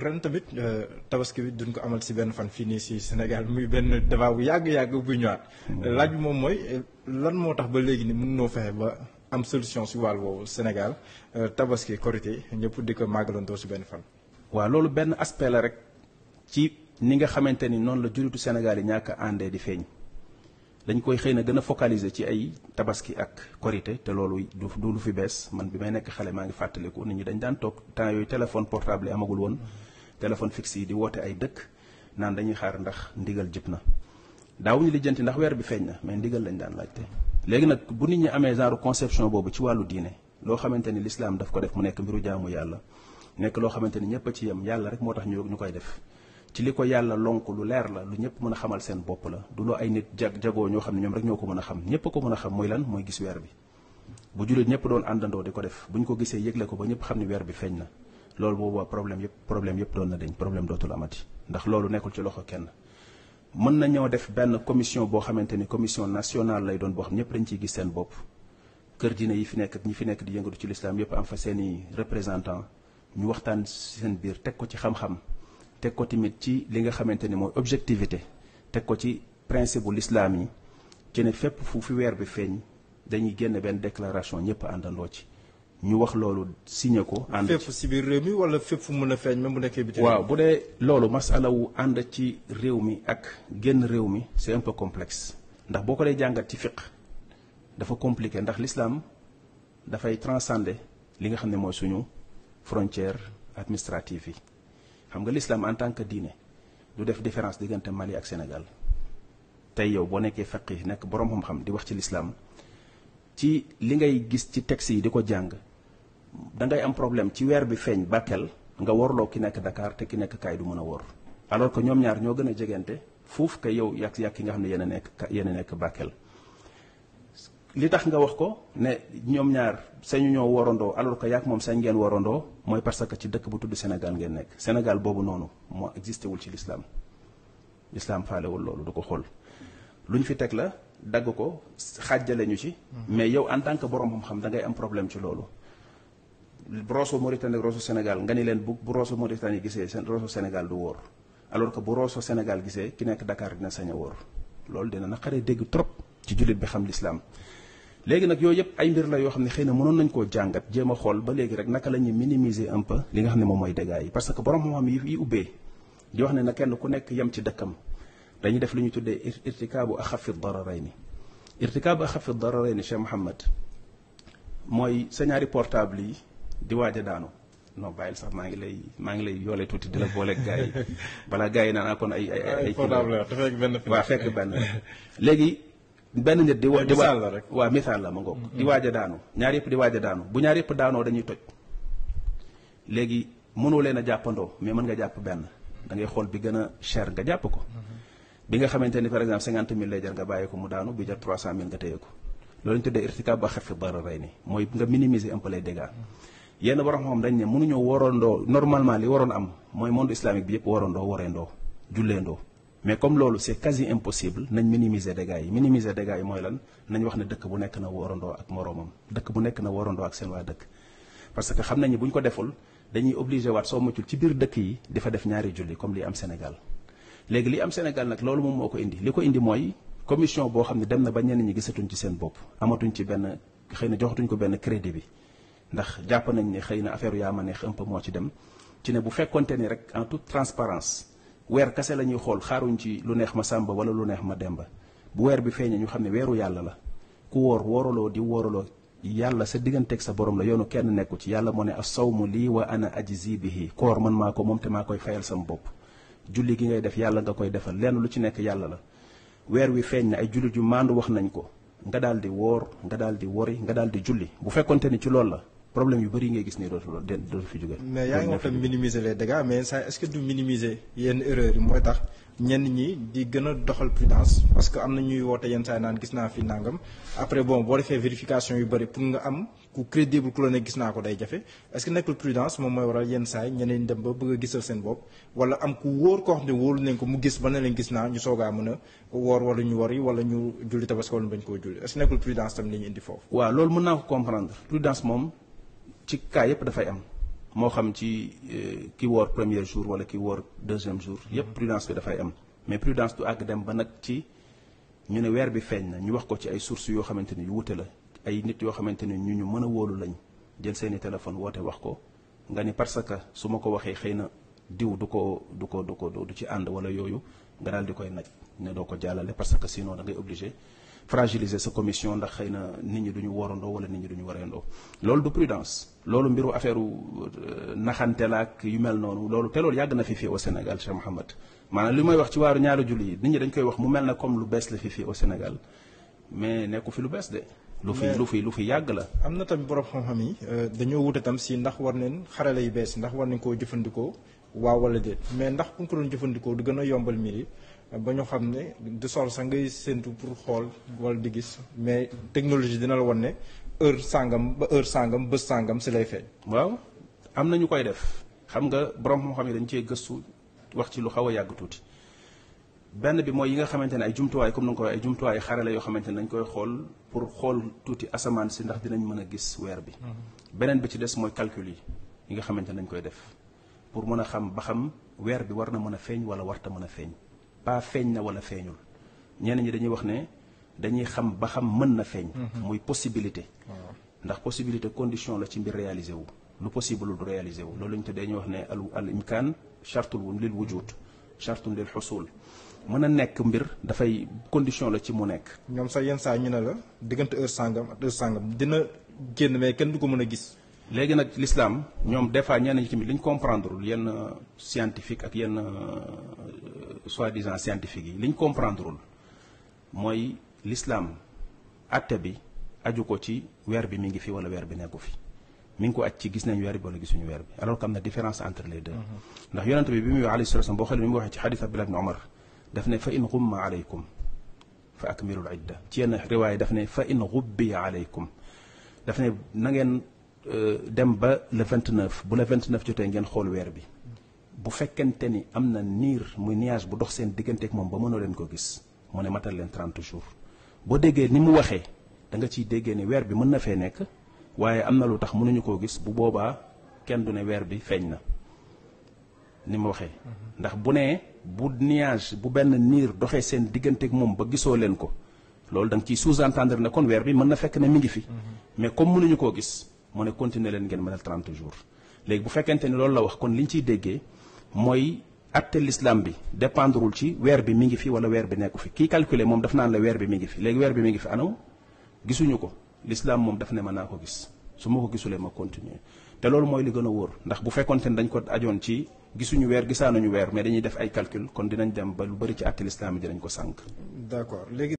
ren tamit euh, tabaski bi duñ ko amal ci benn fan fii nii si Sénégal muy benn débat bu yàgg yàgg bu ñëwaat laaj bi moom mooy lan moo tax ba léegi ni mën noo fexe ba am solution si wàll woowu Sénégal euh, tabaski korité ñëpp di ko màggalandoo si benn fan. waaw loolu benn aspect la rek ci ni nga xamante ni noonu la juritu Sénégal yi ñàkk a àndee di feeñ. dañ koy xëy na gën a focaliser ci ay tabaski ak korite te loolu du du lu fi bees man bi may nekk xale maa ngi fàttaliku nit ñi dañ daan toog temps yooyu téléphone portable yi amagul woon téléphone fixe yi di woote ay dëkk naan dañuy xaar ndax ndigal jëp na daawuñu lijjanti ndax weer bi feeñ na mais ndigal lañ daan laajte léegi nag bu nit ñi amee genre conception boobu ci wàllu diine loo xamante ni l'islam daf ko def mu nekk mbiru jaamu yàlla nekk loo xamante ni ñëpp ci yem yàlla rek moo tax ñu ñu koy def ci liko yalla lonk lu leer la lu ñepp mëna a xamal seen bop la du lo ay nit jag jago ño xamni ñom rek ñoo ko a xam ñepp ko mëna xam moy lan moy gis wër bi bu jullit ñepp doon andando diko def buñ ko gisee yëgle ko ba ñepp xamni wër bi feeñ na loolu boobu problème yépp problème yépp doon na dañ problème dootul amati ndax loolu nekkul ci loxo kenn mën na ñoo def benn commission boo xamante ni commission nationale lay doon boo xam ñëpp dañ ciy gis seen bopp kër dina yi fi nekk ak ñi fi nekk di yëngatu ci l'islam yépp am fa seen i représentant ñu waxtaan seen biir teg ko ci xam-xam teg ko tamit ci li nga xamante ni mooy objectivité teg ko ci principe bu lislaam yi ci ne fépp fu fi weer bi feeñ dañuy génn benn déclaration ñëpp àndandoo ci ñu wax loolu signé ko. ànd fépp si biir réew mi wala fépp fu mën a feeñ même bu nekkee biti. waaw bu dee loolu masala wu ànd ci réew mi ak génn réew mi seen un peu complexe. ndax boo ko dee jàngat ci fiq dafa compliqué ndax l'islam dafay transcender li nga xam ne mooy suñu frontière administrative yi. xam nga l'islam en tant que diine du def différence diggante Mali ak Sénégal tey yow boo nekkee feq yi nekk boroom xam-xam di wax ci lislaam ci li ngay gis ci texte yi di ko jàng da ngay am problème ci weer bi feeñ Bakel nga warloo ki nekk Dakar te ki nekk kaay du mën a wor alors que ñoom ñaar ñoo gën a jegante foofu que yow yàq yàq yi nga xam ne yéen nekk yéen a nekk Bakel li tax nga wax ko ne ñoom ñaar sañu ñoo warandoo alors que yaak moom sañ ngeen warandoo mooy parce que ci dëkk bu tudd senegal ngeen nekk Sénégal boobu noonu moo existé wul ci lislaam l'islam faalewul loolu du ko xool lu ñu fi teg la dagg ko xaajale ñu ci. Hmm. mais yow en tant que borom xam-xam da ngay am problème ci loolu. roosu Mauritanie roosu Sénégal nga ni leen bu bu roosu Mauritanie gisee seen roosu Sénégal du wóor alors que bu roosu Sénégal gisee ki nekk Dakar dina sañ a wóor loolu dina naqaree dégg trop ci jullit bi xam l'islam légui nak yoyep ay mbir la yo xamni xeyna mënon nañ ko jàngat jema xol ba légui rek naka lañu minimiser un peu li nga xamni mom moy mooy parce que borom mom yi yi ubbee di wax ne na kenn ku nek yam ci dëkkam dañuy def luñu tuddé ñu akhaf ad-dararayn irtikab akhaf ad-dararayn Cheikh mohammed moy sa ñaari portable yi di waaj daanu no bayil sax ma ngi lay ma ngi lay yolé tuti dila bolé gaay bala gaay na na kon ay ay ay. portable waaw fekk ben légui benn nit di wa di la rek waaw misaal ma ngoog mm-hmm. di waaj a daanu ñaar yëpp di waaj a daanu bu ñaar yëpp daanoo dañuy toj léegi mënoo leen a jàppandoo mais mën nga jàpp benn da ngay xool bi gën a cher nga jàpp ko mm-hmm. bi nga xamante ni par exemple cinquante mille lay jar nga bàyyi ko mu daanu bi jar trois cent mille nga téye ko loolu ñu tuddee irtikaab ba xef fi dara rey ni mooy nga minimiser un peu les dégâts mm-hmm. yenn borom xam dañ ne mënuñoo warandoo normalement li waroon am mooy monde islamique bi yëpp warandoo wareendoo julleendoo mais comme lolu c'est quasi impossible nañ minimiser dégâts yi minimiser dégâts yi moy lan nañ wax ne dëkk bu nekk na worondo ak moromam bu nekk na ak parce que ko deful dañuy obligé devons muccul ci comme li am Sénégal li am Sénégal nak lolu indi indi commission dem na ba ñi ci amatuñ crédit bi ndax nañ ma un peu mo ci dem ci ne bu en toute transparence weer kase la ñuy xool xaaruñ ci lu neex ma sàmba wala lu neex ma demba bu weer bi feeñee ñu xam ne weeru yàlla la ku woor wooraloo di wooraloo yàlla sa digganteeg sa borom la yoonu kenn nekku ci yàlla moo ne as-sawmu lii wa ana ajzi bihi koor man maa ko moom te maa koy fayal sama bopp julli gi ngay def yàlla nga koy defal lenn lu ci nekk yàlla la weer wi feeñ na ay jullit yu maandu wax nañ ko nga daal di woor nga daal di wori nga daal di julli bu fekkonte ni ci loolu la problème yu bëri ngay gis ni dootul dootul fi jóge. mais yaa ngi wax tam minimiser les dégâts mais saa est-ce que du minimiser yenn erreurs yi mooy tax ñenn ñi di gën a doxal prudence parce que am na ñuy woote yenn saa naan gis naa fi nangam après bon boo defee vérification yu bëri pour nga am naa ko day jafe est-ce que nekkul prudence moom mooy waral yenn saa yi dem ba bëgg a gisal seen bopp wala am ku wóor koo xam ne wóolu nañ ko mu gis ba ne leen gis naa ñu soogaa mën a woor wala ñu wari wala ñu julli tabaski wala bañ koo julli est-ce que nekkul prudence tam ñu indi foofu. waaw loolu mën naa ko comprendre prudence ci cas yëpp dafay am moo xam ci euh, ki woor premier jour wala ki woor deuxième jour hmm. yépp prudence bi dafay am mais prudence du àgg dem ba nag ci ñu ne weer bi feeñ na ñu wax ko ci ay sources yoo xamante ni yu wute la ay nit yoo xamante ni ñu ñu mën a wóolu lañ jël seeni téléphone woote wax ko nga ni parce que su ma ko waxee xëy na diw du ko du ko du ko du ci ànd wala yooyu nga daal di koy naj ne doo ko jàllale parce que sinon da ngay obligé fragiliser sa commission ndax xeyna na nit ñi duñu warandoo wala nit ñi duñu warendo loolu du prudence loolu mbiru affaireu euh, naxante la yu mel noonu loolu té loolu yag na fi fi au Sénégal Cheikh Mouhamad maanaam limay wax ci waaru ñaari julli yi nit ñi dañ koy wax mu melna comme lu bees la fi fi au Sénégal mais nekku fi lu bees de. lu fi lu fi lu fi yag la. am na tamit borom xam-xam yi euh, dañoo wuté tam si ndax war neen xarala yu bees ndax war nañ ko jëfëndiko waaw wala déet mais ndax bu ñu doon jëfandikoo du gën a yombal mbir yi ba ñu xam ne du sol sax ngay séntu pour xool wala di gis mais technologie dina la won ne heure sàngam ba heure sàngam bés sàngam si lay feeñ. waaw am na ñu koy def xam nga borom moo xam ne dañ cee gëstu wax ci lu xaw a yàgg tuuti benn bi mooy yi nga xamante ne ay jumtuwaay comme ni nga ko ay jumtuwaay xarale yoo xamante ne dañ koy xool pour xool tuuti asamaan si ndax dinañ mën a gis weer bi. Mhm. beneen bi ci des mooy calcul yi yi nga xamante ne dañ koy def. pour mon a xam ba xam weer bi war na mën a wala warta mën a pas feeñ na wala feeñul ñi dañuy wax ne dañuy xam ba xam mën na mhm. muy possibilité ndax possibilité condition la ci mbir réalisé wu lu possible du réalisé wu loolu wax ne al al chartul lil lil xusul mën a nekk mbir dafay condition la ci mu nekk ñoom sax yenn saa ñu ne la diggante heure sangam ak heure dina génn mais kenn du ko mën gis léegi nag l'islam ñoom des fois ñenn ñi tamit li ñu comprendre yenn scientifique ak yenn soi-disant scientifique yi li ñu comprendreul mooy l'islam atte bi aju ko ci weer bi mi ngi fi wala weer bi nekku fi mi ngi ko aj ci gis nañ weer bi wala gisuñu weer bi alors que am na différence entre les deux ndax yonent bi bi muy alayhi salatu wasallam boo xoolee bi mu waxee ci xadis abdullah ibn omar daf ne fa in gumma alaykum fa akmilul idda ci yenn riwaaya daf ne fa in gubbiya alaykum daf ne na ngeen Euh, dem ba le 29 bu le 29 jotee ngeen xool weer bi bu fekkente ni am na niir muy nuage bu dox seen digganteeg moom ba mënoo leen ko gis mu ne matal leen 30 jours boo déggee ni mu waxee da nga ciy déggee ne weer bi mën na fee nekk waaye am na lu tax mënuñu koo gis bu boobaa kenn du ne weer bi feeñ na ni mu waxee. Mhm. ndax bu nee bu nuage bu benn niir doxee seen digganteeg moom ba gisoo leen ko loolu da nga sous-entendre ne kon weer bi mën na fekk ne mi ngi fi. Mhm. mais comme mënuñu koo gis. mu ne continuer leen ngeen mënal 30 jours léegi bu fekkente ni loolu la wax kon liñ ñu ciy déggee mooy atte l'islam bi dépendrewul ci weer bi mi ngi fi wala weer bi nekk fi kii calculer moom daf naan la weer bi mi ngi fi léegi weer bi mi ngi fi anaw gisuñu ko l'islam moom daf ne mën naa ko gis su ma ko gisulee ma continuer te loolu mooy li gën a wóor ndax bu fekkonte ne dañ ko ajoon ci gisuñu weer gisaanuñu weer mais dañuy def ay calcul kon dinañ dem ba lu bëri ci atte l'islam bi dinañ ko sànq d'accord léegi